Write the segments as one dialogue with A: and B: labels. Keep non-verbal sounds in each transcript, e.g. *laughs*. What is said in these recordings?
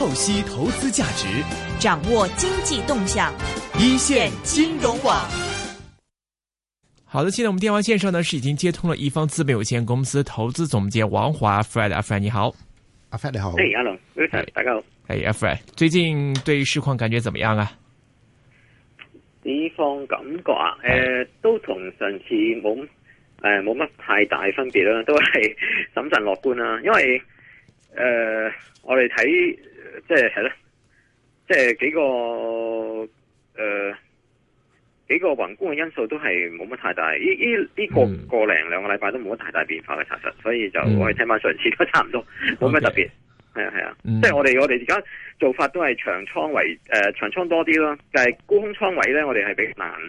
A: 透析投資價值，掌握經濟動向，一線
B: 金融網。
A: 好的，現在我們電話線上呢是已經接通了一方資本有限公司投資總監王華，Fred，Fred，你、啊、好，Fred 你好，h e l l o 大
B: 家
C: 好
A: ，h e y f r e d 最近對市況感覺怎麼樣啊？
C: 地方感覺、呃、啊，都同上次冇，冇、呃、乜太大分別啦，都係謹慎樂觀啦，因為。誒、呃，我哋睇即係咧，即係幾個誒、呃、幾個宏觀嘅因素都係冇乜太大，呢個依、嗯、個個零兩個禮拜都冇乜太大變化嘅，查實，所以就我哋睇翻上次都差唔多，冇、嗯、咩特別。係啊係啊，即係我哋我哋而家做法都係長倉為誒、呃、長倉多啲咯，但係沽空倉位咧，我哋係比較難誒、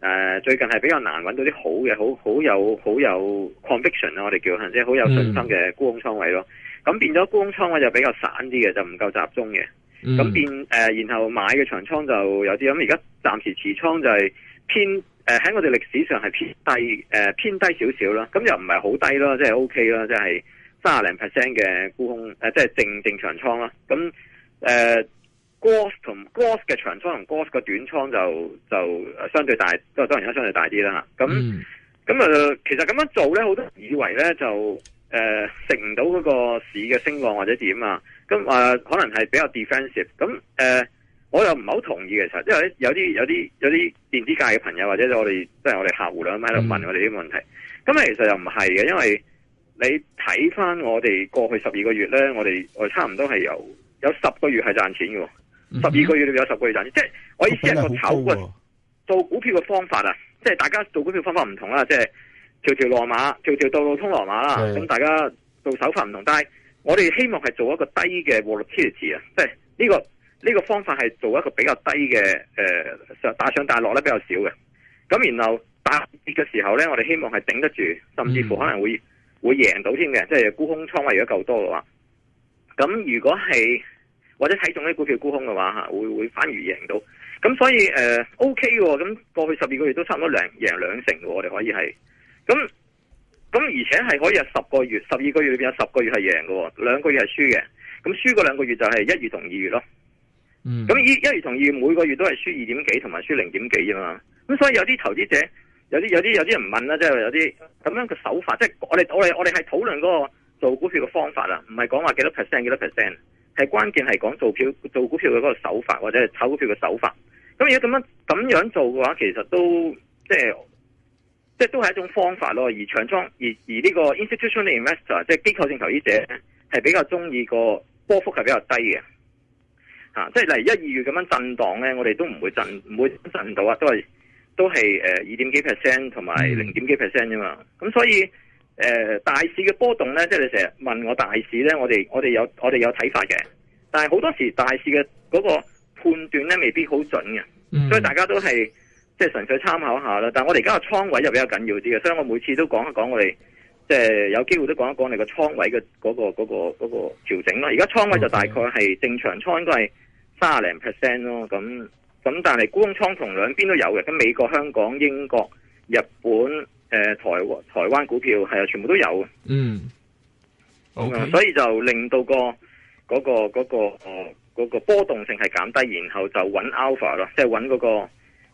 C: 呃，最近係比較難揾到啲好嘅，好好有好有 conviction 啊。我哋叫，即係好有信心嘅沽空倉位咯。咁變咗沽空倉咧就比較散啲嘅，就唔夠集中嘅。
B: 咁、嗯、變
C: 誒、呃，然後買嘅長倉就有啲咁。而家暫時持倉就係偏誒喺、呃、我哋歷史上係偏低誒、呃、偏低少少啦。咁又唔係好低咯，即係 O K 啦，即係三十零 percent 嘅沽空誒，即係淨淨長倉啦。咁誒 gross 同 gross 嘅長倉同 gross 嘅短倉就就相對大，都當然都相對大啲啦。咁咁誒，其實咁樣做咧，好多人以為咧就。誒、呃，食唔到嗰個市嘅升浪或者點啊？咁、嗯、啊、呃，可能係比較 defensive、嗯。咁、呃、誒，我又唔係好同意其實，因為有啲有啲有啲電子界嘅朋友或者我哋即係我哋客戶兩面都問我哋啲問題。咁、嗯、啊，其實又唔係嘅，因為你睇翻我哋過去十二個月咧，我哋我差唔多係有有十個月係賺錢嘅，十二個月裏面有十個月賺錢。嗯、即係我意思係個炒股做股票嘅方法啊，即係大家做股票嘅方法唔同啦，即係。條條羅馬，條條道路通羅馬啦。咁大家做手法唔同，但係我哋希望係做一個低嘅 volatility 啊、這個，即係呢個呢個方法係做一個比較低嘅誒，上、呃、大上大落咧比較少嘅。咁然後大跌嘅時候咧，我哋希望係頂得住，甚至乎可能會會贏到添嘅。即係沽空倉位夠如果夠多嘅話，咁如果係或者睇中啲股票沽空嘅話吓，會會反而贏到。咁所以誒，O K 喎，咁、呃 OK、過去十二個月都差唔多兩贏兩成嘅，我哋可以係。咁咁，而且係可以有十個月，十二個月裏邊有十個月係贏嘅，兩個月係輸嘅。咁輸嗰兩個月就係一月同二月咯。嗯，
B: 咁
C: 一一月同二月每個月都係輸二點幾，同埋輸零點幾啫嘛。咁所以有啲投資者，有啲有啲有啲人問啦，即係有啲咁樣嘅手法，即係我哋我哋我哋係討論嗰個做股票嘅方法啦，唔係講話幾多 percent 幾多 percent，係關鍵係講做票做股票嘅嗰個手法或者係炒股票嘅手法。咁如果咁樣咁樣做嘅話，其實都即係。就是即都係一種方法咯，而長倉而而呢個 institutional investor 即係機構性投資者咧，係比較中意個波幅係比較低嘅，吓、啊，即係例如一、二月咁樣震盪咧，我哋都唔會震，唔會震到啊，都係都係誒二點幾 percent 同埋零點幾 percent 啫嘛。咁所以誒、呃，大市嘅波動咧，即、就、係、是、你成日問我大市咧，我哋我哋有我哋有睇法嘅，但係好多時大市嘅嗰個判斷咧，未必好準嘅，嗯，所以大家都係。即係純粹參考一下啦，但係我哋而家個倉位就比較緊要啲嘅，所以我每次都講一講我哋即係有機會都講一講你個倉的、嗰個倉位嘅嗰個嗰、嗰個個調整啦。而家倉位就大概係、okay. 正常倉應該係卅零 percent 咯。咁咁但係沽空倉同兩邊都有嘅，咁美國、香港、英國、日本、誒台灣、台灣股票係啊，全部都有嗯、mm.，O、okay. 所以就令到、嗰個、嗰個、嗰個、呃嗰個波動性係減低，然後就揾 alpha 咯，即係揾嗰個。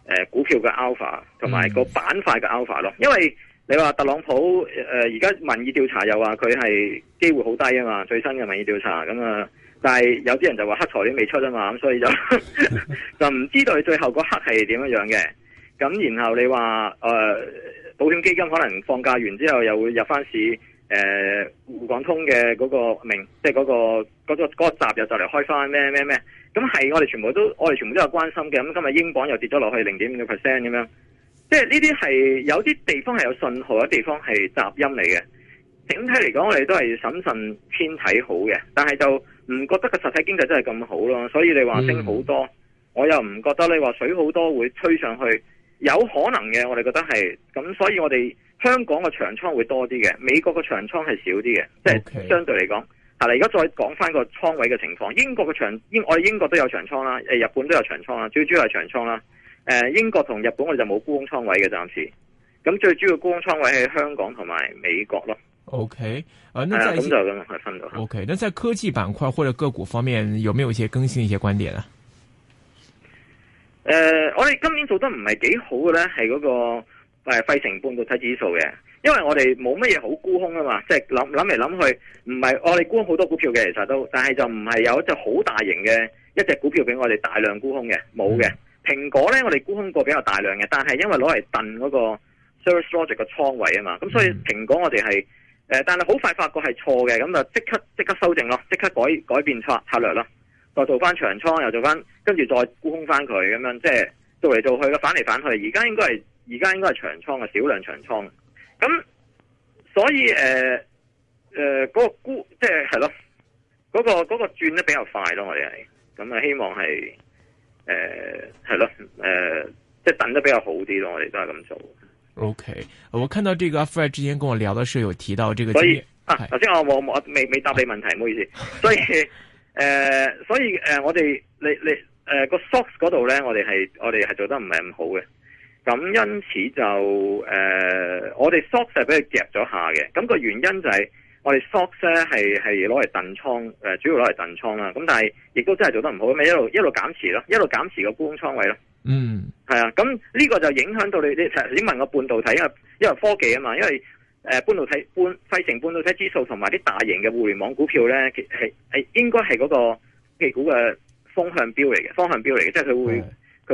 C: 誒股票嘅 alpha 同埋個板塊嘅 alpha 咯，因為你話特朗普誒而家民意調查又話佢係機會好低啊嘛，最新嘅民意調查咁啊、嗯，但係有啲人就話黑材料未出啊嘛，所以就 *laughs* *laughs* 就唔知道最後嗰刻係點樣嘅。咁然後你話誒、呃、保險基金可能放假完之後又會入翻市，誒滬港通嘅嗰個名，即係嗰個嗰、嗰個嗰、嗰個、集入就嚟開翻咩咩咩。咁係，我哋全部都，我哋全部都有關心嘅。咁今日英鎊又跌咗落去零點五個 percent 咁樣，即係呢啲係有啲地方係有信號，有啲地方係雜音嚟嘅。整體嚟講，我哋都係審慎偏睇好嘅，但係就唔覺得個實體經濟真係咁好咯。所以你話升好多，嗯、我又唔覺得你話水好多會吹上去。有可能嘅，我哋覺得係咁，所以我哋香港嘅長倉會多啲嘅，美國嘅長倉係少啲嘅，okay. 即係相對嚟講。係啦，而家再講翻個倉位嘅情況。英國嘅長英，我哋英國都有長倉啦，誒，日本都有長倉啦，最主要係長倉啦。誒、呃，英國同日本我哋就冇沽空倉位嘅暫時。咁最主要沽空倉位喺香港同埋美國咯。OK，啊，咁、啊、
A: 就咁樣去分咗。OK，那在科技板塊或者個股方面，有沒有一些更新一些觀點啊？誒、
C: 呃，我哋今年做得唔係幾好嘅咧，係嗰、那個誒費城半導體指數嘅。因為我哋冇乜嘢好沽空啊嘛，即係諗諗嚟諗去，唔係我哋沽好多股票嘅，其實都，但係就唔係有一隻好大型嘅一隻股票俾我哋大量沽空嘅，冇嘅。蘋果呢，我哋沽空過比較大量嘅，但係因為攞嚟燉嗰個 Service Logic 嘅倉位啊嘛，咁所以蘋果我哋係誒，但係好快發覺係錯嘅，咁就即刻即刻修正咯，即刻改改變策策略啦，再做翻長倉，又做翻，跟住再沽空翻佢咁樣，即係做嚟做去嘅，反嚟反去。而家應該係而家應該係長倉嘅，少量長倉。咁、嗯，所以誒誒，呃呃那個估即係係咯，那個、那個轉得比較快咯，我哋係咁啊，希望係誒係咯，誒、呃、即係等得比較好啲咯，我哋都係咁做。
A: OK，我看到這個阿 Fred 之前跟我聊的時候有提到這個，所以啊，
C: 頭先我我我，我未未答你問題，唔好意思。 *laughs* 所以誒、呃，所以誒、呃，我哋你你誒個 SOX 嗰度咧，我哋係我哋係做得唔係咁好嘅。咁因此就誒、呃，我哋 short 俾佢夾咗下嘅。咁、那個原因就係我哋 short 咧係係攞嚟燉倉、呃，主要攞嚟燉倉啦。咁但係亦都真係做得唔好，咪一路一路減持咯，一路減持個沽空倉位咯。嗯，係啊。咁呢個就影響到你你你問個半導體，因為科技啊嘛，因為半導體半費城半導體指數同埋啲大型嘅互聯網股票咧，係係應該係嗰、那個美股嘅風向標嚟嘅，方向標嚟嘅，即係佢會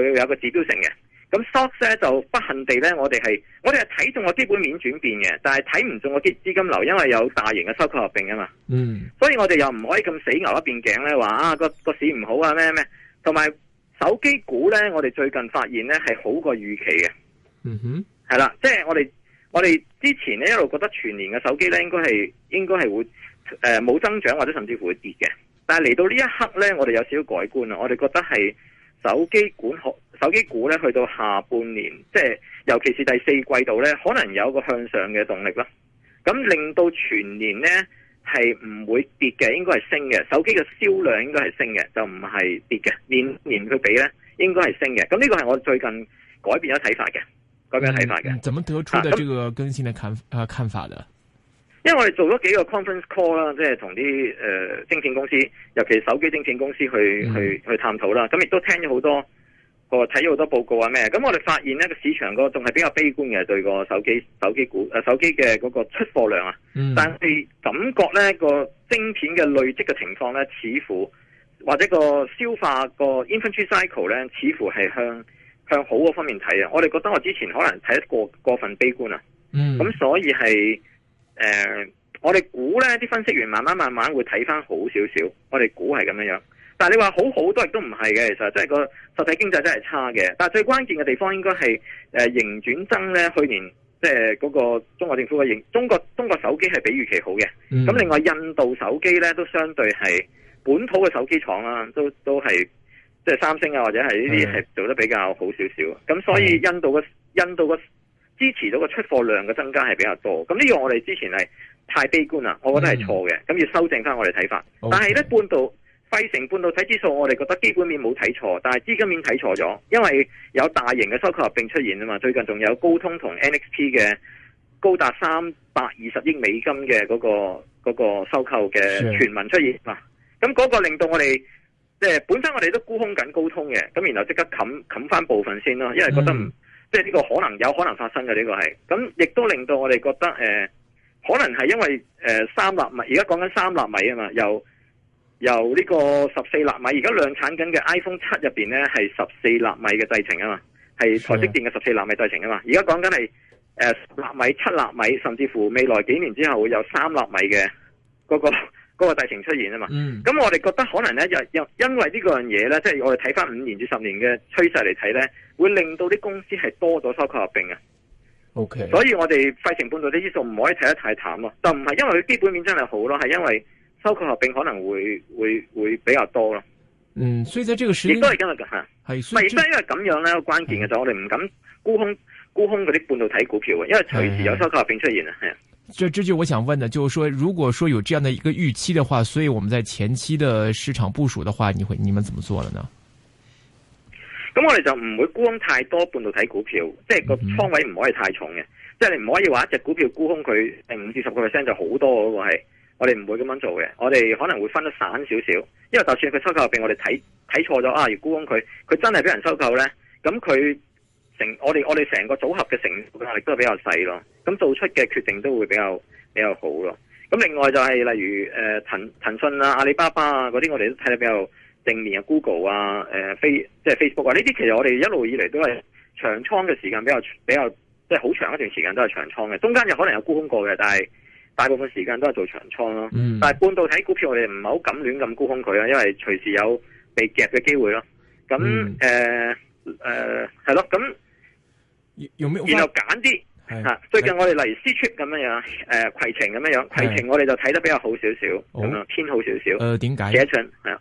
C: 佢有個指標性嘅。咁 SOX 咧就不幸地咧，我哋係我哋係睇中個基本面轉變嘅，但係睇唔中個基資金流，因為有大型嘅收購合併啊嘛。嗯、mm
B: -hmm.，
C: 所以我哋又唔可以咁死牛一邊頸咧，話啊個個市唔好啊咩咩，同埋手機股咧，我哋最近發現咧係好過預期嘅。嗯、mm、哼 -hmm.，係、就、啦、是，即係我哋我哋之前咧一路覺得全年嘅手機咧應該係應該係會誒冇、呃、增長或者甚至乎會跌嘅，但係嚟到呢一刻咧，我哋有少少改觀啦，我哋覺得係。手機股、手機股咧，去到下半年，即係尤其是第四季度咧，可能有一個向上嘅動力啦。咁令到全年咧係唔會跌嘅，應該係升嘅。手機嘅銷量應該係升嘅，就唔係跌嘅。年年去比咧，應該係升嘅。咁呢個係我最近改變咗睇法嘅，改
A: 變咗睇法嘅、嗯。怎麼得出呢？這個更新的看，、啊、看法呢？
C: 因為我哋做咗幾個 conference call 啦，即係同啲誒晶片公司，尤其手機晶片公司去、mm. 去去探討啦。咁亦都聽咗好多，個睇咗好多報告啊咩？咁我哋發現呢個市場個仲係比較悲觀嘅，對個手機手機股誒手機嘅嗰個出貨量啊。Mm. 但係感覺呢個晶片嘅累積嘅情況呢，似乎或者個消化個 inventory cycle 呢，似乎係向向好嗰方面睇啊。我哋覺得我之前可能睇得過過分悲觀啊。咁、mm. 所以係。誒、呃，我哋估呢啲分析員慢慢慢慢會睇翻好少少。我哋估係咁樣樣，但係你話好好多亦都唔係嘅，其實即係個實體經濟真係差嘅。但係最關鍵嘅地方應該係誒、營、呃、轉增呢。去年即係嗰個中國政府嘅營，中國中國手機係比預期好嘅。咁、嗯、另外印度手機呢都相對係本土嘅手機廠啦，都都係即係三星啊或者係呢啲係做得比較好少少。咁、嗯、所以印度嘅印度嘅。支持到個出貨量嘅增加係比較多，咁呢個我哋之前係太悲觀啦，我覺得係錯嘅，咁、mm. 要修正翻我哋睇法。Okay. 但係呢半導、費城半導體指數，我哋覺得基本面冇睇錯，但係資金面睇錯咗，因為有大型嘅收購合併出現啊嘛，最近仲有高通同 NXP 嘅高達三百二十億美金嘅嗰、嗰個嗰、嗰個收購嘅傳聞出現，咁嗰、啊、個令到我哋即係本身我哋都沽空緊高通嘅，咁然後即刻冚冚翻部分先咯，因為覺得唔。Mm. 即係呢個可能有可能發生嘅呢、這個係，咁亦都令到我哋覺得誒、呃，可能係因為誒、呃、三納米而家講緊三納米啊嘛，由由呢個十四納米而家量產緊嘅 iPhone 七入邊咧係十四納米嘅製程啊嘛，係台積電嘅十四納米製程啊嘛，而家講緊係誒十納米七納米，甚至乎未來幾年之後會有三納米嘅嗰個，個。個大情出現啊嘛，咁、嗯、我哋覺得可能咧，又又因為這個東西呢個樣嘢咧，即係我哋睇翻五年至十年嘅趨勢嚟睇咧，會令到啲公司係多咗收購合併啊。O、okay. K，所以我哋費城半導體指數唔可以睇得太淡咯，就唔係因為佢基本面真係好咯，係因為收購合併可能會會會比較多咯。嗯，所以在這個時間亦都係今日吓，係唔係因為咁樣咧？關鍵嘅就我哋唔敢沽空沽空嗰啲半導體股票啊，因為隨時有收購合併出現啊，係啊。
A: 這這句我想問的，就是說，如果說有這樣的一個預期的話，所以我們在前期的市場部署的話，你會你們怎麼做了呢？
C: 咁我哋就唔會沽空太多，半導體股票，即係個倉位唔可以太重嘅，嗯，即係你唔可以話一隻股票沽空佢定五至十個 percent 就好，是，多嘅係，我哋唔會咁樣做嘅，我哋可能會分得散少少，因為就算佢收購被我哋睇睇錯咗啊，如果沽空佢，佢真係俾人收購呢，咁，嗯，佢。成我哋我哋成個組合嘅成合力都係比較細咯，咁做出嘅決定都會比較比較好咯。咁另外就係例如誒騰、呃、騰訊啊、阿里巴巴啊嗰啲，我哋都睇得比較正面啊。Google 啊，誒、Face、即係 Facebook 啊，呢啲其實我哋一路以嚟都係長倉嘅時間比較比較即係好長一段時間都係長倉嘅，中間有可能有沽空過嘅，但係大部分時間都係做長倉咯、嗯。但係半導體股票我哋唔係好敢亂咁沽空佢啊，因為隨時有被夾嘅機會咯。咁誒誒係咯，咁、嗯。呃呃然後揀啲吓，最近我哋例如 Ctrip 咁樣樣，誒、呃，攜程咁樣樣，攜程我哋就睇得比較好少少，咁、哦、樣偏好少少。誒、呃，點解？寫一寸係啊，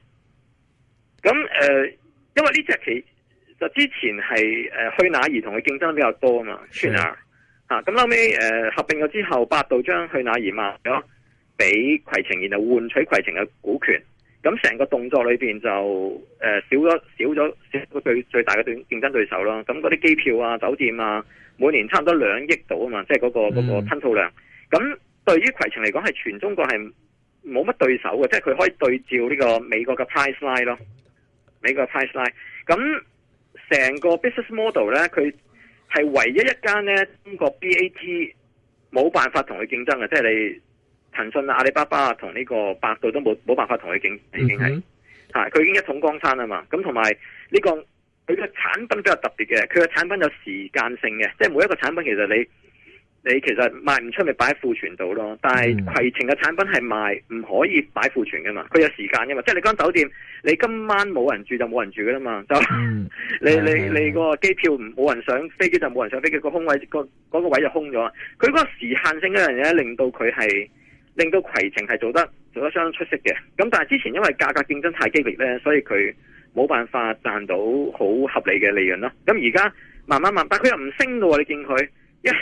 C: 咁誒，因為呢隻其就之前係誒去哪兒同佢競爭比較多啊嘛，去哪兒吓，咁後尾誒合併咗之後，百度將去哪兒賣咗俾攜程，然後換取攜程嘅股權。咁成個動作裏面就誒、呃、少咗少咗個最最大嘅對競爭對手咯。咁嗰啲機票啊、酒店啊，每年差唔多兩億度啊嘛，即係嗰、嗰個嗰個吞吐量。咁、嗯、對於攜程嚟講，係全中國係冇乜對手嘅，即係佢可以對照呢個美國嘅 Price Line 咯，美國嘅 Price Line。咁成個 business model 咧，佢係唯一一間咧，中國 BAT 冇辦法同佢競爭嘅，即係你。騰訊啊、阿里巴巴啊，同呢個百度都冇冇辦法同佢競，已經係佢已經一統江山啊嘛。咁同埋呢個佢嘅產品比較特別嘅，佢嘅產品有時間性嘅，即係每一個產品其實你你其實賣唔出咪擺喺庫存度咯。但係攜程嘅產品係賣唔可以擺庫存嘅嘛，佢有時間嘅嘛。即係你間酒店，你今晚冇人住就冇人住嘅啦嘛。就、mm -hmm. 你、mm -hmm. 你你個機票冇人上飛機就冇人上飛機，個空位個嗰、個位就空咗。佢嗰個時限性一樣嘢，令到佢係。令到攜程係做得做得相當出色嘅，咁但係之前因為價格競爭太激烈咧，所以佢冇辦法賺到好合理嘅利潤咯。咁而家慢慢慢，但佢又唔升嘅喎，你見佢，佢又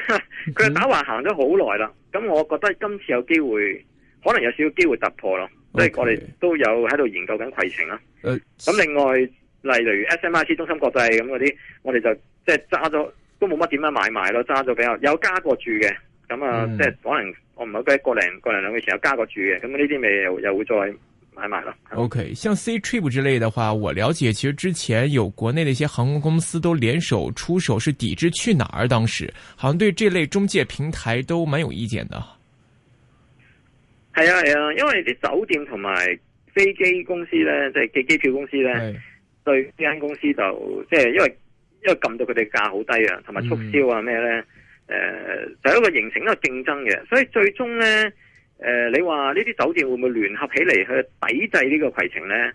C: 佢打橫行咗好耐啦。咁我覺得今次有機會，可能有少少機會突破咯。即、okay. 係我哋都有喺度研究緊攜程啦。咁、uh, 另外，例如 S M I C 中芯國際咁嗰啲，我哋就即係揸咗都冇乜點樣買賣咯，揸咗比較有加過住嘅。咁啊，即、嗯、係可能我唔係幾過零過零兩個月前有加過住嘅，咁呢啲咪又又會再買埋
A: 咯。OK，像 Ctrip 之類的話，我了解，其實之前有國內的一些航空公司都聯手出手，是抵制去哪兒，當時好像對這類中介平台都蠻有意見的。
C: 係啊係啊，因為你酒店同埋飛機公司咧，即係嘅機票公司咧，對呢間公司就即係、就是、因為因為撳到佢哋價好低還有啊，同埋促銷啊咩咧。誒、呃，就一個形成一個競爭嘅，所以最終咧，誒、呃，你話呢啲酒店會唔會聯合起嚟去抵制呢個攜程咧？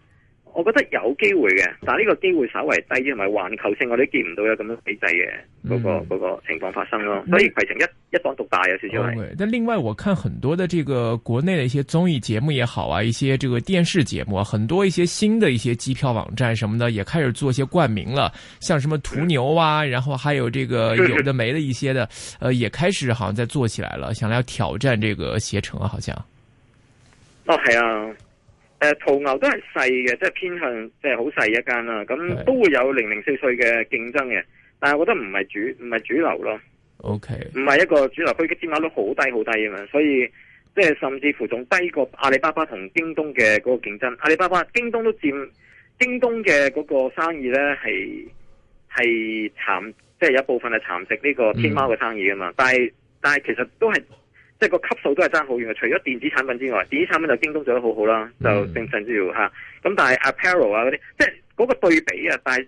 C: 我覺得有機會嘅，但係呢個機會稍微低啲，同埋環球性我哋見唔到有咁樣比制嘅嗰、那個、嗯、情況發生咯。所以攜程一、嗯、一檔獨大有少少機會。
A: 但另外，我看很多的這個國內的一些綜藝節目也好啊，一些這個電視節目，啊，很多一些新的一些機票網站什麼的，也開始做一些冠名了，像什麼途牛啊，然後還有這個有的沒的一些的， *laughs* 呃，也開始好像在做起來了，想來要挑戰這個攜程、啊，好像。
C: 哦係啊。誒、呃，途牛都係細嘅，即係偏向即係好細一間啦。咁都會有零零碎碎嘅競爭嘅，但係我覺得唔係主唔係主流咯。O K，唔係一個主流區，佢嘅佔碼都好低好低啊嘛。所以即係甚至乎仲低過阿里巴巴同京東嘅嗰個競爭。阿里巴巴、京東都佔京東嘅嗰個生意呢，係係蠶即係有部分係蠶食呢個天貓嘅生意啊嘛、嗯。但係但係其實都係。即係個級數都係爭好遠嘅，除咗電子產品之外，電子產品就京東做得好好啦，嗯、就正常之餘嚇。咁、啊、但係 Apparel 啊嗰啲，即係嗰個對比啊，但係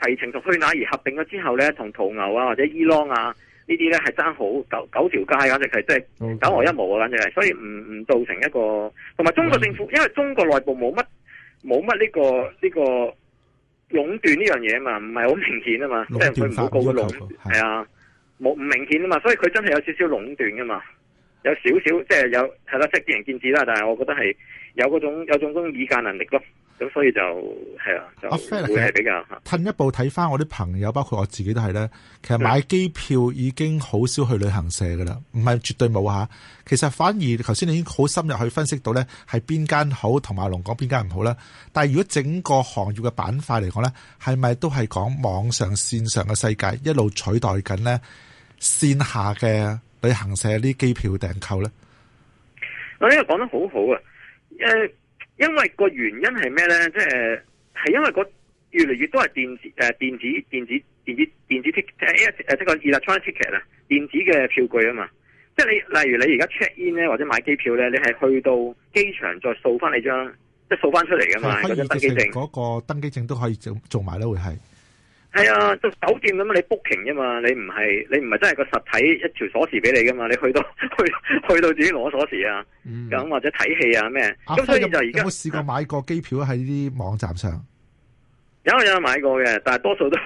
C: 攜程同去哪兒合併咗之後咧，同途牛啊或者伊朗啊這些呢啲咧係爭好九九條街，簡直係即係九牛一毛啊！簡直係，所以唔唔造成一個同埋中國政府、嗯，因為中國內部冇乜冇乜呢個呢、這個壟斷呢樣嘢啊嘛，唔係好明顯啊嘛，即係佢唔好告搞壟斷，係啊，冇唔明顯啊嘛，所以佢真係有少少壟斷噶嘛。有少少即係有係啦，即係見仁見智啦。但係我覺得係有嗰種有種嗰種議價能力咯。咁所以就係啊，就會係比較，
D: 褪一步睇返我啲朋友，包括我自己都係咧。其實買機票已經好少去旅行社㗎喇，唔係絕對冇下。其實反而頭先你已經好深入去分析到咧，係邊間好同埋龍講邊間唔好啦。但係如果整個行業嘅板塊嚟講咧，係咪都係講網上線上嘅世界一路取代緊咧線下嘅？旅行社啲機票訂購咧？
C: 我呢個講得好好啊！誒，因為個原因係咩咧？即係係因為個越嚟越多係電子誒電子電子電子電子 ticket 即係個 electronic ticket 啊，電子嘅、啊啊啊、票據啊嘛。即、就、係、是、你例如你而家 check in 咧或者買機票咧，你係去到機場再掃翻你張即係掃翻出嚟噶嘛？
D: 嗰、那個、登機證都可以做做埋咯，會係。
C: 係啊，做酒店咁你 booking 㗎嘛，你唔係你唔係真係個實體一條鎖匙俾你噶嘛，你去到去去到自己攞鎖匙啊，咁、嗯、或者睇戲啊咩？咁、啊、所以就而家
D: 有冇試過買過機票喺啲網站上？
C: 啊、有有買過嘅，但係多數都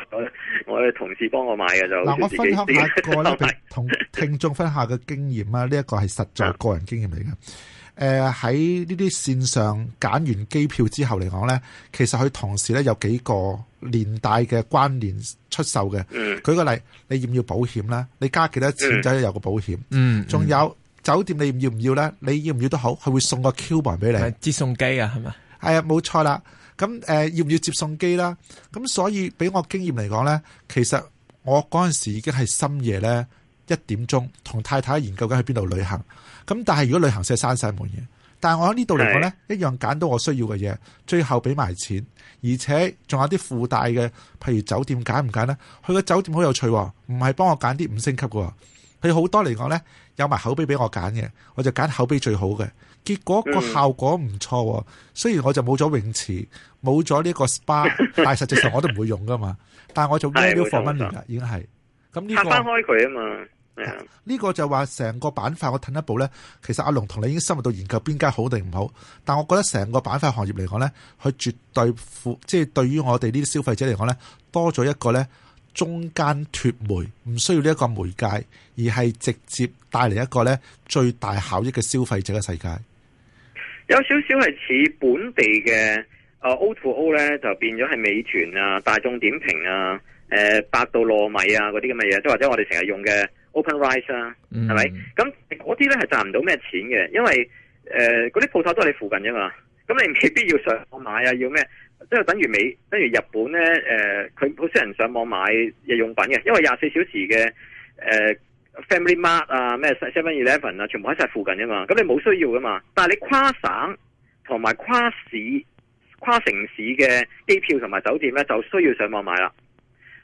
C: 我哋同事幫我買嘅就嗱、啊，我分享一下個咧
D: 同聽眾分享嘅經驗啊，呢一個係、 *laughs* 這個、實在個人經驗嚟㗎。誒喺呢啲線上揀完機票之後嚟講咧，其實佢同時咧有幾個年代連帶嘅關聯出售嘅。嗯，舉個例，你要唔要保險啦？你加幾多錢就有個保險。嗯，仲有、嗯、酒店，你唔要唔要咧？你要唔要都好，佢會送個 coupon 俾你。接送機啊，係咪？係、哎、啊，冇錯啦。咁、呃、要唔要接送機啦？咁所以俾我經驗嚟講咧，其實我嗰陣時已經係深夜咧。一點鐘同太太研究緊去邊度旅行，咁但係如果旅行社閂晒門嘅，但我喺呢度嚟講呢，一樣揀到我需要嘅嘢，最後俾埋錢，而且仲有啲附帶嘅，譬如酒店揀唔揀呢？去個酒店好有趣，唔係幫我揀啲五星級喎。佢好多嚟講呢，有埋口碑俾我揀嘅，我就揀口碑最好嘅，結果個效果唔錯、嗯，雖然我就冇咗泳池，冇咗呢個 SPA， *laughs* 但係實際上我都唔會用噶、這個、嘛，但係我做 value for money 已經係咁呢個翻開佢啊嘛～Yeah. 呢個就話成個板塊，我褪一步呢。其實阿龍同你已經深入到研究邊間好定唔好。但我覺得成個板塊行業嚟講呢，佢絕對富，即係對於我哋呢啲消費者嚟講呢，多咗一個呢中間脫媒，唔需要呢一個媒介，而係直接帶嚟一個呢最大效益嘅消費者嘅世界。
C: 有少少係似本地嘅 O2O 咧，就變咗係美團啊、大眾點評啊、誒、呃、百度糯米啊嗰啲咁嘅嘢，即係或者我哋成日用嘅。Open Rice 啊，係咪？咁嗰啲咧係賺唔到咩錢嘅，因為誒嗰啲鋪頭都係你附近啫嘛。咁你未必要上網買啊，要咩？即係等於美，等於日本咧。誒、呃，佢好少人上網買日用品嘅，因為廿四小時嘅誒、呃、Family Mart 啊，咩 Seven Eleven 啊，全部喺晒附近啫嘛。咁你冇需要噶嘛？但係你跨省同埋跨市、跨城市嘅機票同埋酒店咧，就需要上網買啦。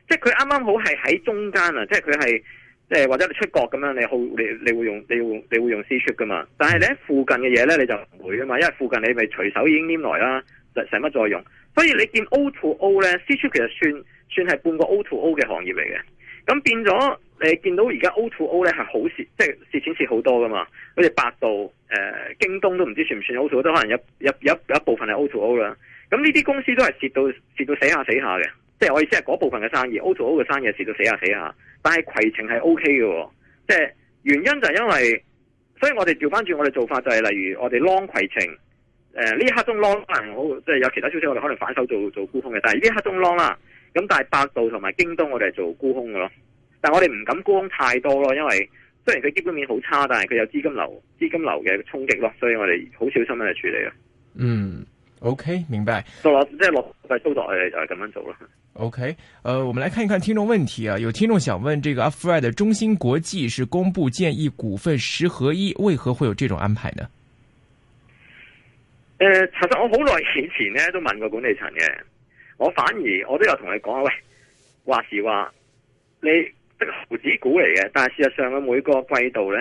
C: 即係佢啱啱好係喺中間啊！即係佢係。即係或者你出國咁樣，你好你你會用你會你會用 Ctrip 噶嘛？但係你喺附近嘅嘢咧，你就唔會噶嘛，因為附近你咪隨手已經黏來啦，就使乜再用？所以你見 O to O 咧，Ctrip 其實算算係半個 O to O 嘅行業嚟嘅。咁變咗你見到而家 O to O 咧係好蝕，即係蝕錢蝕好多噶嘛？好似百度、誒、呃、京東都唔知算唔算 O to O，都可能有有有一部分係 O to O 啦。咁呢啲公司都係蝕到蝕到死下死下嘅，即係我意思係嗰部分嘅生意，O to O 嘅生意蝕到死下死下。但係攜程係 O K 嘅，即係原因就係因為，所以我哋調翻轉我哋做法就係，例如我哋 long 攜程，誒、呃、呢一刻中 long 可能好，即係有其他消息我哋可能反手做做沽空嘅。但係呢一刻中 long 啦，咁但係百度同埋京東我哋係做沽空嘅咯。但係我哋唔敢沽空太多咯，因為雖然佢基本面好差，但係佢有資金流資金流嘅衝擊咯，所以我哋好小心咁嚟處理啊。嗯。O、okay, K，明白。即係落，係操作係就係咁樣做啦。
A: O K，呃，我們來看一看聽眾問題啊，有聽眾想問，這個 Afraid 中芯國際是公布建議股份十合一，為何會有這種
C: 安排呢？誒、呃，其實我好耐以前咧都問過管理層嘅，我反而我都有同你講啊，喂，話時話，你即、這個、猴子股嚟嘅，但係事實上嘅每個季度咧。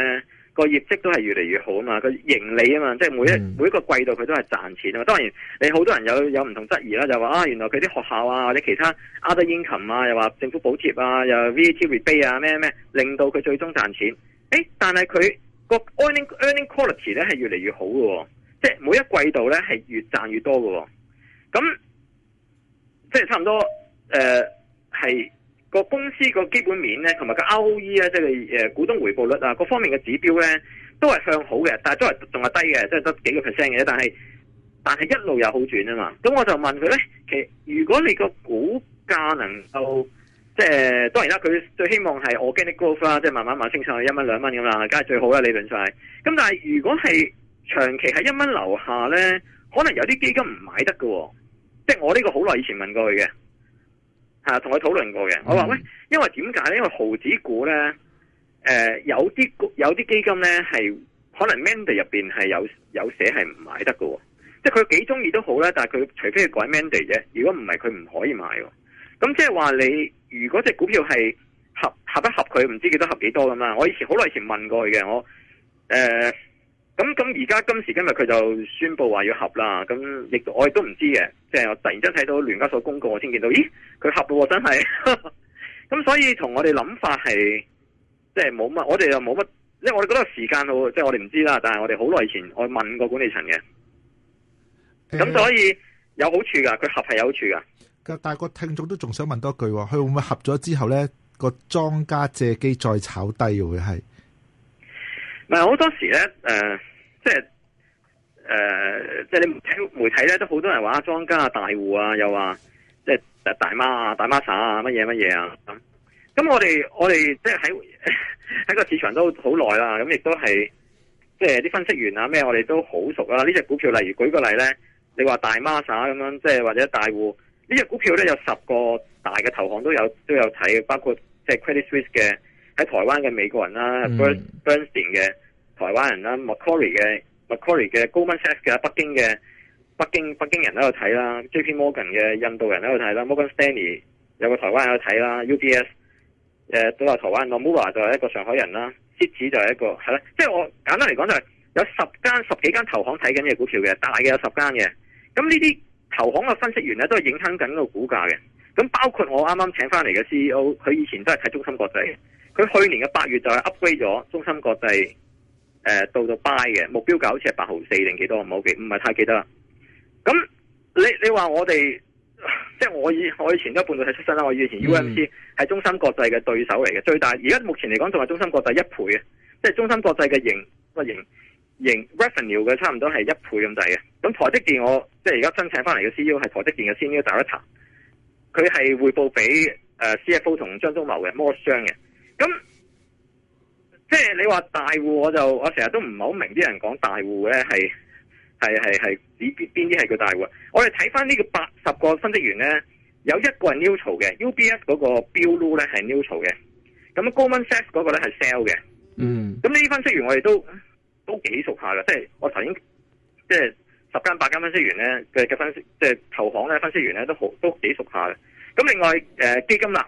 C: 個業績都係越嚟越好嘛，佢盈利啊嘛，即係每一每一個季度佢都係賺錢啊。當然，你好多人有有唔同質疑啦，就話啊，原來佢啲學校啊，或者其他 other income 啊，又話政府補貼啊，又 VAT rebate 啊，咩咩，令到佢最終賺錢。誒、欸，但係佢個 earning earning quality 咧係越嚟越好噶，即係每一季度咧係越賺越多噶。咁即係差唔多誒係。呃個公司個基本面咧，同埋個 ROE 啊，即係誒股東回報率啊，各方面嘅指標咧都係向好嘅，但係都係仲係低嘅，即係得幾個 percent 嘅，但係但係一路有好轉啊嘛。咁我就問佢咧，其實如果你個股價能夠，即係當然啦，佢最希望係 organic growth 啦，即係慢慢慢升上去一蚊兩蚊咁啦，梗係最好啦。理論上係咁，但係如果係長期喺一蚊樓下咧，可能有啲基金唔買得噶，即係我呢個好耐以前問過佢嘅。吓、啊，同佢討論過嘅，我話喂，因為點解咧？因為毫子股咧、呃，有啲有啲基金咧，係可能 Mandy 入面係有有寫係唔買得㗎喎，即係佢幾中意都好啦，但係佢除非係改 Mandy 啫，如果唔係佢唔可以買喎。咁即係話你，如果隻股票係合合一合佢，唔知幾多合幾多咁啦。我以前好耐以前問過佢嘅，我誒。呃咁咁而家今時今日佢就宣布話要合啦，咁亦我亦都唔知嘅，即係我突然間睇到聯交所公告，我先見到，咦，佢合喎，真係，咁所以同我哋諗法係，即係冇乜，我哋又冇乜，因為我哋覺得時間好，即係我哋唔知啦，但係我哋好耐以前我問過管理層嘅，
D: 咁，欸，所以
C: 有好處噶，佢合係有好處
D: 噶。但係個聽眾都仲想問多句，佢會唔會合咗之後咧，個莊家借機再炒低會係？
C: 唔係好多時咧，誒、呃，即係誒，即係你媒體咧都好多人話莊家啊、大戶啊，又話即係大媽啊、大媽散啊，乜嘢乜嘢啊咁。咁我哋我哋即係喺喺個市場都好耐啦，咁亦都係即係啲分析員啊咩，我哋都好熟啦。呢隻股票例如舉個例咧，你話大媽散咁樣，即係或者大戶呢隻股票咧有十個大嘅投行都有都有睇，包括即係 Credit Suisse 嘅。喺台灣嘅美國人啦，Bernstein 嘅台灣人啦，Macquarie 嘅 Macquarie 嘅 Goldman Sachs 嘅北京嘅北京北京人喺度睇啦，JPMorgan 嘅印度人喺度睇啦，Morgan Stanley 有個台灣人喺度睇啦，UBS 誒、呃、都係台灣，Nomura 就係一個上海人啦，Citi 就係一個係啦，即係我簡單嚟講就係有十間十幾間投行睇緊嘅股票嘅，大嘅有十間嘅，咁呢啲投行嘅分析員咧都係影響緊個股價嘅，咁包括我啱啱請翻嚟嘅 CEO，佢以前都係睇中芯國際的。佢去年嘅八月就係 upgrade 咗中心國際，誒、呃、到到 buy 嘅目標價好似係八毫四定幾多唔好記，唔係太記得啦。咁你你話我哋即係我以我以前都半導體出身啦，我以前 U M C 係中心國際嘅對手嚟嘅、嗯，最大而家目前嚟講仲係中心國際一倍嘅，即係中心國際嘅盈個盈，盈，盈 revenue 嘅差唔多係一倍咁滯嘅。咁台積電我即係而家申請翻嚟嘅 C E O 係台積電嘅 C E O 第一層佢係匯報俾 C F O 同張忠謀嘅 Morris Chang 嘅。咁即係你話大戶，我就我成日都唔係好明啲人講大戶咧，係係係係邊邊邊啲係叫大戶。我哋睇翻呢個八十個分析員員咧，有一個人 neutral 嘅 UBS 嗰個 Bill Lou 咧係 neutral 嘅。咁 Goldman Sachs 嗰個咧係 sell 嘅。嗯。咁呢啲分析員員我哋都都幾熟下噶，即係我頭先即係十間八間分析員員咧嘅嘅分析，即係投行咧分析員員咧都好都幾熟下嘅。咁另外誒、呃、基金啦。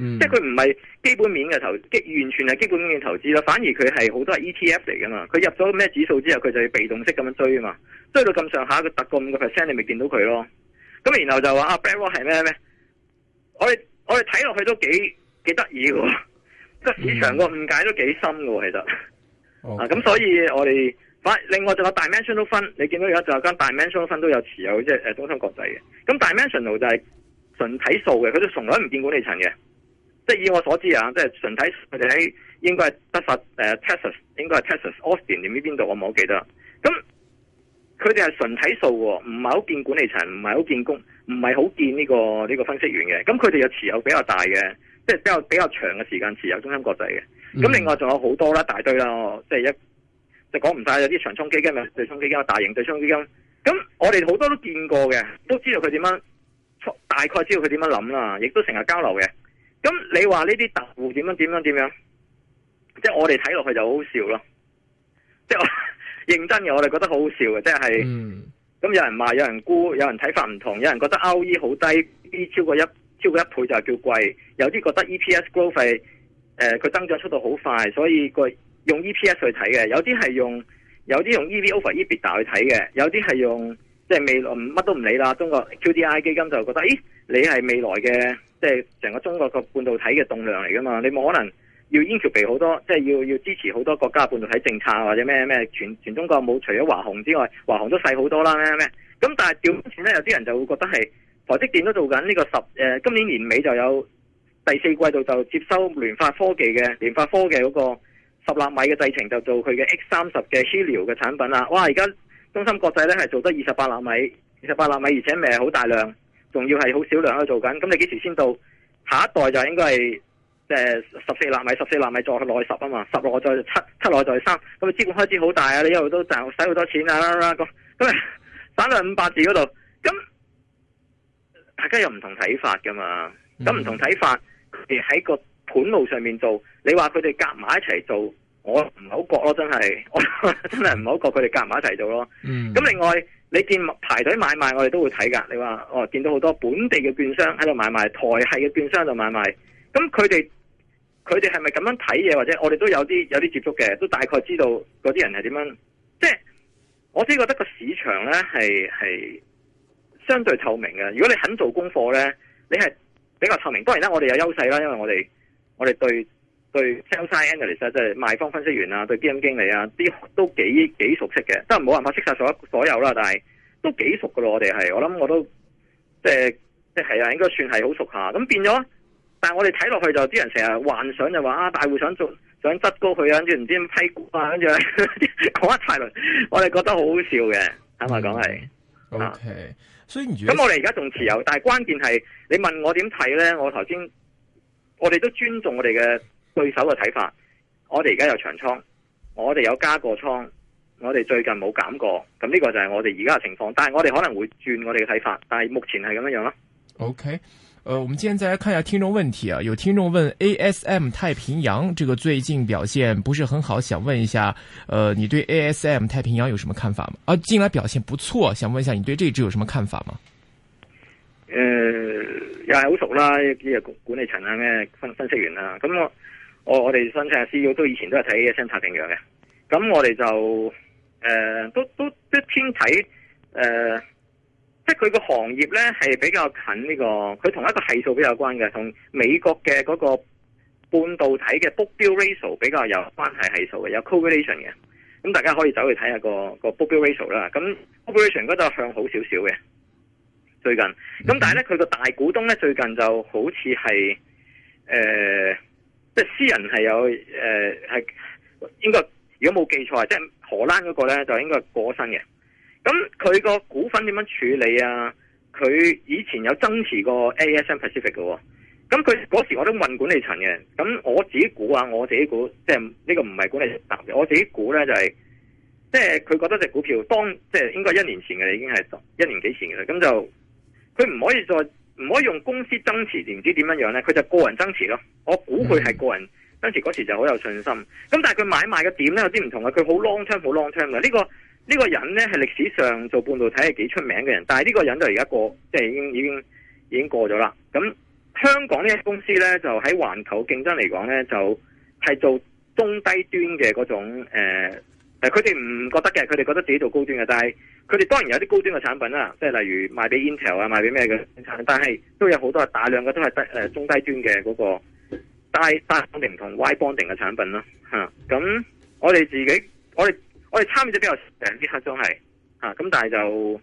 C: 嗯、即係佢唔係基本面嘅投資，完全係基本面嘅投資啦。反而佢係好多係 ETF 嚟噶嘛，佢入咗咩指數之後，佢就要被動式咁樣追啊嘛。追到咁上下，佢突過五個 percent 你咪見到佢咯。咁然後就話啊 BlackRock 係咩咩？我哋我哋睇落去都幾幾得意噶，個、嗯、市場個誤解都幾深噶，其實。咁、okay. 啊、所以我哋反另外就有 Dimensional fund，你見到而家就有間 Dimensional fund 都有持有即係誒中芯國際嘅。咁 Dimensional 就係純睇數嘅，佢都從來唔見管理層嘅。即係以我所知啊，即係純睇佢哋喺應該係德法誒 Texas，應該係 Texas Austin 定知邊度？我冇記得。咁佢哋係純睇數，唔係好見管理層，唔係好見工，唔係好見呢個呢個分析員嘅。咁佢哋又持有比較大嘅，即係比較比較長嘅時間持有中芯國際嘅。咁另外仲有好多啦，大堆啦，即係一就講唔晒，有啲長沖基金啊，對沖基金，大型對沖基金。咁我哋好多都見過嘅，都知道佢點樣，大概知道佢點樣諗啦，亦都成日交流嘅。咁你話呢啲特戶點樣點樣點樣？即係我哋睇落去就好好笑咯。即係認真嘅，我哋覺得好好笑嘅，即係。咁、嗯、有人話，有人估，有人睇法唔同，有人覺得 ROE 好低，E 超過一超過一倍就係叫貴。有啲覺得 EPS growth 係誒，佢、呃、增長速度好快，所以佢用 EPS 去睇。嘅；有啲係用，有啲用 EV over EBITDA 去睇嘅。有啲係用即係、就是、未來，乜都唔理啦。中國 QDII 基金就覺得，咦，你係未來嘅。即係成個中國個半導體嘅動量嚟噶嘛，你冇可能要 encourage 好多，即係要要支持好多國家半導體政策或者咩咩，全全中國冇除咗華虹之外，華虹都細好多啦咩咩，咁但係點解有啲人就會覺得係台積電都做緊呢個十誒、呃，今年年尾就有第四季度就接收聯發科技嘅聯發科嘅嗰個十納米嘅製程就做佢嘅 X 三十嘅 Helio 嘅產品啦，哇！而家中芯國際咧係做得二十八納米，二十八納米而且未係好大量。仲要係好少量喺度做緊，咁你幾時先到？下一代就應該係，誒十四納米、十四納米再內十啊嘛，十內再七，七內再三，咁資本開支好大啊！你一路都賺，使好多錢啊啦啦咁，咁咪省略五百字嗰度，咁大家有唔同睇法噶嘛？咁唔同睇法，佢哋喺個盤路上面做，你話佢哋夾埋一齊做。我唔好覺咯，真係我真係唔好覺，佢哋夾埋一齊做咯。咁、嗯、另外，你見排隊買賣，我哋都會睇噶。你話哦，見到好多本地嘅券商喺度買賣，台係嘅券商就買賣。咁佢哋佢哋係咪咁樣睇嘢？或者我哋都有啲有啲接觸嘅，都大概知道嗰啲人係點樣。即係我只覺得個市場咧係係相對透明嘅。如果你肯做功課咧，你係比較透明。當然啦，我哋有優勢啦，因為我哋我哋對。對 sell side analyst 即係賣方分析員啊，對基金經理啊，啲都幾幾熟悉嘅，即係冇辦法識晒所所有啦，但係都幾熟噶咯。我哋係我諗我都即係即係啊，應該算係好熟下。咁變咗，但係我哋睇落去就啲人成日幻想就話啊，大戶想做想執高佢，okay, 啊，跟住唔知批股啊，跟住講一太輪，我哋覺得好好笑嘅，坦白講係？O K，咁我哋而家仲持有，但係關鍵係你問我點睇咧？我頭先我哋都尊重我哋嘅對手嘅睇法，我哋而家有長倉，我哋有加過倉，我哋最近冇減過，咁、這、呢個就係我哋而家嘅情況。但係我哋可能會轉我哋嘅睇法，但係目前係咁樣樣
A: 咯。OK，誒、呃，我們今天再來看下聽眾問題啊。有聽眾問 ASM 太平洋，這個最近表現不是很好，想問一下，誒、呃，你對 ASM 太平洋有什麼看法嗎？啊，近來表現不錯，想問一下你對這隻有什麼看法嗎？
C: 誒、嗯，又係好熟啦，呢啊管理層啊，咩分分析員啊，咁、嗯、我。我哋申請下 CEO 都以前都係睇嘅新太平洋嘅，咁我哋就誒、呃、都都都偏睇誒，即係佢個行業咧係比較近呢、這個，佢同一個係數比較關嘅，同美國嘅嗰個半導體嘅 bookbill ratio 比較有關係係數嘅，有 correlation 嘅。咁、嗯、大家可以走去睇下、那個 bookbill ratio 啦。咁 correlation 嗰度向好少少嘅，最近。咁但係咧，佢個大股東咧最近就好似係誒。呃私人係有誒，係、呃、應該如果冇記錯，即、就、係、是、荷蘭嗰個咧就應該過身嘅。咁佢個股份點樣處理啊？佢以前有增持過 ASM Pacific 嘅。咁佢嗰時我都問管理層嘅。咁我自己估啊，我自己估，即係呢個唔係管理層答嘅。我自己估咧就係、是，即係佢覺得隻股票當即係、就是、應該一年前嘅，已經係一年幾前嘅啦。咁就佢唔可以再。唔可以用公司增持定唔知點樣樣呢？佢就個人增持咯。我估佢係個人增持嗰時就好有信心。咁但係佢買賣嘅點呢？有啲唔同啊，佢好 long term，好 long term 嘅。呢個呢個人呢，係歷史上做半導體係幾出名嘅人，但係呢個人就而家過，即係已經已經已經過咗啦。咁香港呢啲公司呢，就喺環球競爭嚟講呢，就係做中低端嘅嗰種，呃誒，佢哋唔覺得嘅，佢哋覺得自己做高端嘅，但係佢哋當然有啲高端嘅產品啦，即係例如賣俾 Intel 啊，賣俾咩嘅，但係都有好多大量嘅都係低誒中低端嘅嗰個低帶綁定同 Y 綁定嘅產品啦，吓、啊、咁我哋自己我哋我哋參與咗比較誒啲黑商係啊，咁但係就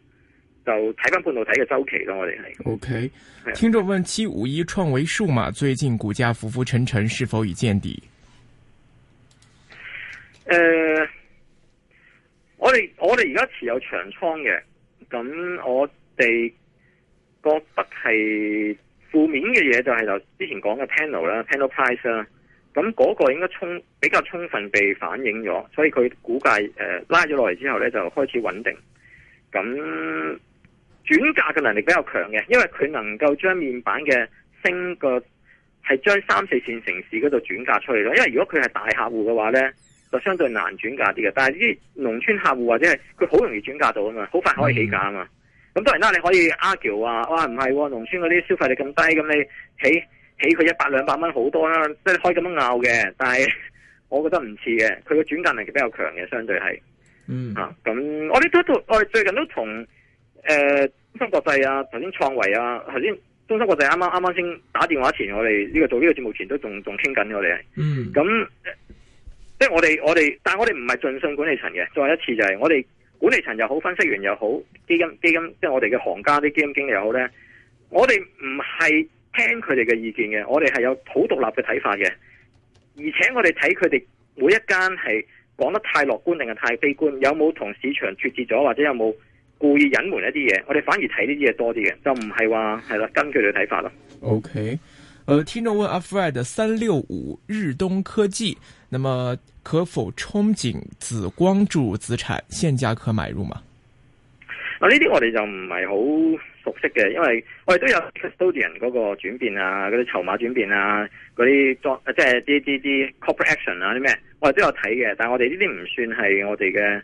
C: 就睇翻半導體嘅周期咯，我哋係。OK，聽
A: 眾問751創維數碼：七五一創維數碼最近股價浮浮沉沉，是否已見底？誒、
C: 呃。我哋我哋而家持有長倉嘅，咁我哋覺得係負面嘅嘢就係由之前講嘅 panel 啦，panel price 啦，咁嗰個應該充比較充分被反映咗，所以佢估計、呃、拉咗落嚟之後呢，就開始穩定，咁轉嫁嘅能力比較強嘅，因為佢能夠將面板嘅升個係將三四線城市嗰度轉嫁出去咯，因為如果佢係大客戶嘅話呢。就相對難轉嫁啲嘅，但係啲農村客戶或者係佢好容易轉嫁到啊嘛，好快可以起價啊嘛。咁、嗯、當然啦，你可以 argue 話哇唔係，農村嗰啲消費力咁低，咁你起起佢一百兩百蚊好多啦，即係可以咁樣拗嘅。但係我覺得唔似嘅，佢個轉嫁能力比較強嘅，相對係
B: 嗯
C: 咁、啊、我哋都我哋最近都同誒、呃、中芯國際啊，頭先創維啊，頭先中芯國際啱啱啱啱先打電話前，我哋呢個做呢個節目前都仲仲傾緊我哋嗯咁。即係我哋，我哋，但係我哋唔係盡信管理層嘅。再一次就係，我哋管理層又好，分析員又好，基金基金，即係我哋嘅行家啲基金經理又好呢，我哋唔係聽佢哋嘅意見嘅，我哋係有好獨立嘅睇法嘅。而且我哋睇佢哋每一間係講得太樂觀定係太悲觀，有冇同市場脱節咗，或者有冇故意隱瞞一啲嘢？我哋反而睇呢啲嘢多啲嘅，就唔係話係啦，根據佢睇法咯。
A: OK。呃，聽眾問阿 Fred 嘅三六五日東科技，那麼可否憧憬紫光注入資產？現價可買入嗎？
C: 啊，呢啲我哋就唔係好熟悉嘅，因為我哋都有 custodian 個轉變啊，嗰啲籌碼轉變啊，嗰啲當即係啲啲啲 corporation 啊啲咩，我哋都有睇嘅，但係我哋呢啲唔算係我哋嘅，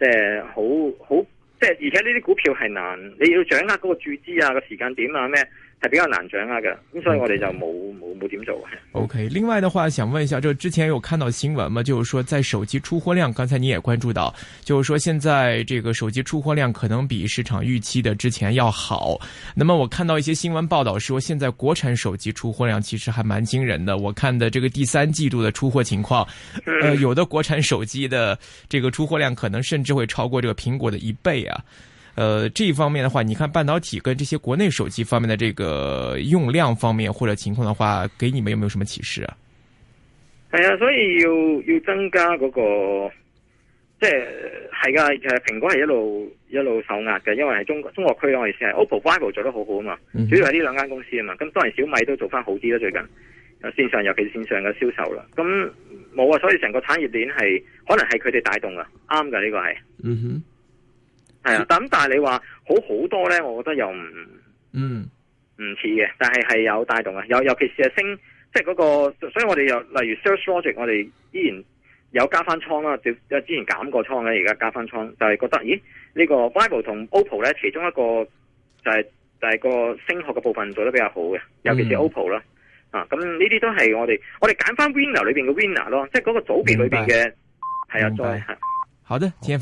C: 即係好好，即係而家呢啲股票係難，你要掌握嗰個注資啊、嗰個時間點啊咩。係比較難掌握嘅，咁所以我哋就
A: 冇冇點做。OK，另外的話，想問一下，就之前有看到新聞嘛，就是說在手機出貨量，剛才你也關注到，就是說現在這個手機出貨量可能比市場預期的之前要好。那麼我看到一些新聞報道說，說現在國產手機出貨量其實還蠻驚人的。我看的這個第三季度的出貨情況， *laughs* 呃，有的國產手機的這個出貨量可能甚至會超過這個蘋果的一倍啊。呃，這一方面的話，你看半導體跟這些國內手機方面的這個用量方面或者情況的話，給你們有沒有什麼啟示
C: 啊？係啊，所以要要增加嗰個，即係係噶，其實蘋果係一路一路受壓嘅，因為係中中國區咯，我意思係，OPPO、VIVO 做得好好嘛，主要係呢兩間公司啊嘛，咁當然小米都做翻好啲啦，最近，線上尤其是線上嘅銷售啦，咁冇啊，所以成個產業鏈係可能係佢哋帶動噶，啱噶呢個係，嗯哼。嗯哼係啊，但但係你話好好多咧，我覺得又唔，嗯，唔似嘅，但係係有帶動啊，尤其是係升，即係嗰個，所以我哋又例如 search logic，我哋依然有加翻倉啦，之前減過倉嘅，而家加翻倉，就係覺得，咦，呢個 vivo 同 oppo 咧，其中一個就係就係個升學嘅部分做得比較好嘅，嗯，尤其是 oppo 啦，啊，咁呢啲都係我哋，我哋揀翻 winner 裏邊嘅 winner 咯，即係嗰個組別裏邊嘅，係啊，再，好
B: 的 thank you